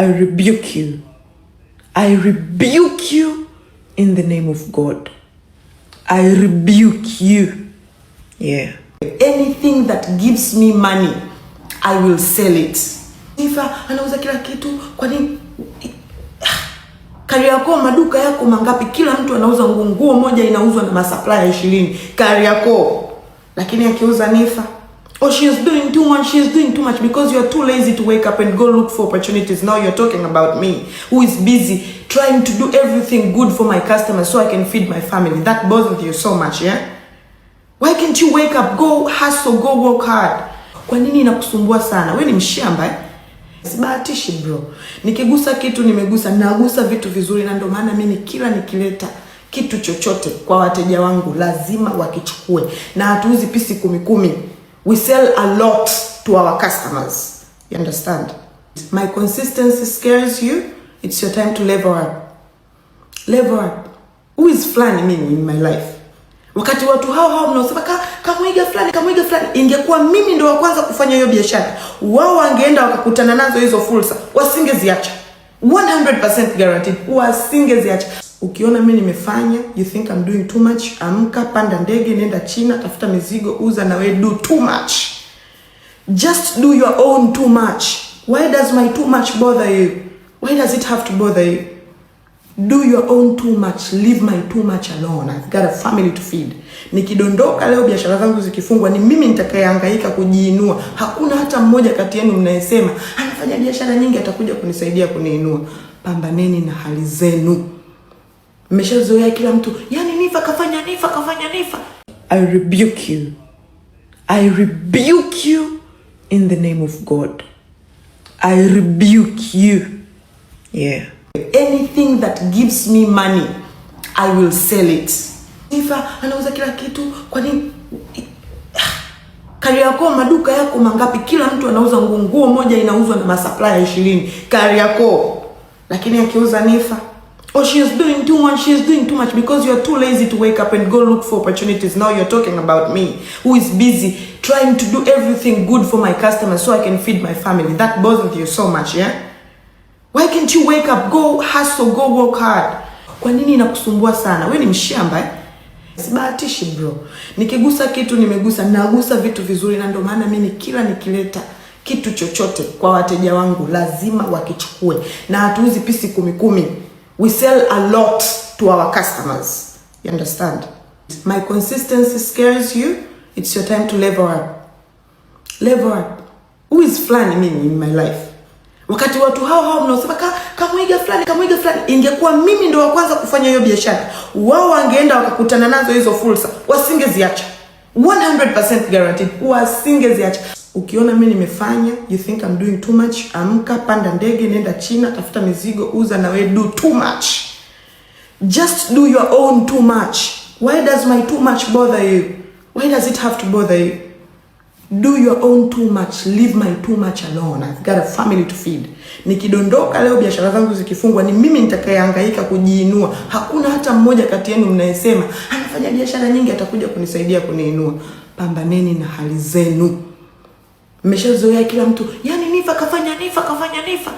I rebuke you. I rebuke you in the name of God. I rebuke you. Yeah. Anything that gives me money, I will sell it. anauza kila kitu, kwa nini? Kariakoo maduka yako mangapi? Kila mtu anauza nguo, nguo moja inauzwa na ya ishirini Kariakoo, lakini akiuza Nifa Oh, she is doing too much She is doing too much because you are too lazy to wake up and go look for opportunities now you're talking about me who is busy trying to do everything good for my customers so i can feed my family that bothers you so much yeah why can't you wake up go hustle go work hard kwa nini inakusumbua sana wewe ni mshamba eh? sibahatishi bro nikigusa kitu nimegusa nagusa vitu vizuri na ndio maana mimi kila nikileta kitu chochote kwa wateja wangu lazima wakichukue na hatuuzi pisi kumi kumi We sell a lot to our customers. You understand? My consistency scares you. It's your time to level up. Level up. Who is flani mimi in my life? Wakati watu hao hao mnaosema ka kamwiga fulani kamwiga flani ingekuwa mimi ndio wa kwanza kufanya hiyo biashara, wao wangeenda wakakutana nazo hizo fursa, wasingeziacha. 100% guaranteed, wasingeziacha. Ukiona mimi nimefanya, you think I'm doing too much, amka, panda ndege, nenda China, tafuta mizigo, uza na we do too much. Just do your own too much. Why does my too much bother you? Why does it have to bother you? Do your own too much. Leave my too much alone. I've got a family to feed. Nikidondoka leo biashara zangu zikifungwa, ni mimi nitakayehangaika kujiinua. Hakuna hata mmoja kati yenu mnayesema anafanya biashara nyingi, atakuja kunisaidia kuniinua. Pambaneni na hali zenu mmeshazoea kila mtu yani Nifa kafanya, Nifa kafanya, Nifa. I rebuke you. I rebuke you in the name of God. I rebuke you. Yeah. Anything that gives me money, I will sell it. Nifa anauza kila kitu, kwa nini? Kariakoo maduka yako mangapi? Kila mtu anauza nguo, nguo moja inauzwa na masupply ya ishirini Kariakoo, lakini akiuza Nifa Oh, she is doing too much, she is doing too much because you are too lazy to wake up and go look for opportunities. Now you're talking about me who is busy trying to do everything good for my customers so I can feed my family. That bothers you so much, yeah? Why can't you wake up, go hustle, go work hard? Kwa nini inakusumbua sana? Wewe ni mshamba eh? Sibahatishi bro. Nikigusa kitu nimegusa, nagusa vitu vizuri na ndio maana mimi kila nikileta kitu chochote kwa wateja wangu lazima wakichukue. Na hatuuzi pisi kumi kumi. We sell a lot to our customers. You understand? My consistency scares you. It's your time to level up. Level up. Who is fulani mimi in my life? Wakati watu hao hao mnaosema ka, kamwiga fulani kamwiga flani ingekuwa mimi ndo wa kwanza kufanya hiyo biashara, wao wangeenda wakakutana nazo hizo fursa, wasingeziacha. 100% guaranteed, wasingeziacha. Ukiona mimi nimefanya, you think I'm doing too much, amka, panda ndege, nenda China, tafuta mizigo, uza na we do too much. Just do your own too much. Why does my too much bother you? Why does it have to bother you? Do your own too much. Leave my too much alone. I've got a family to feed. Nikidondoka leo biashara zangu zikifungwa, ni mimi nitakayehangaika kujiinua. Hakuna hata mmoja kati yenu mnayesema anafanya biashara nyingi, atakuja kunisaidia kuniinua. Pambaneni na hali zenu mmeshazoea kila mtu, yani Nifa kafanya, Nifa kafanya, Nifa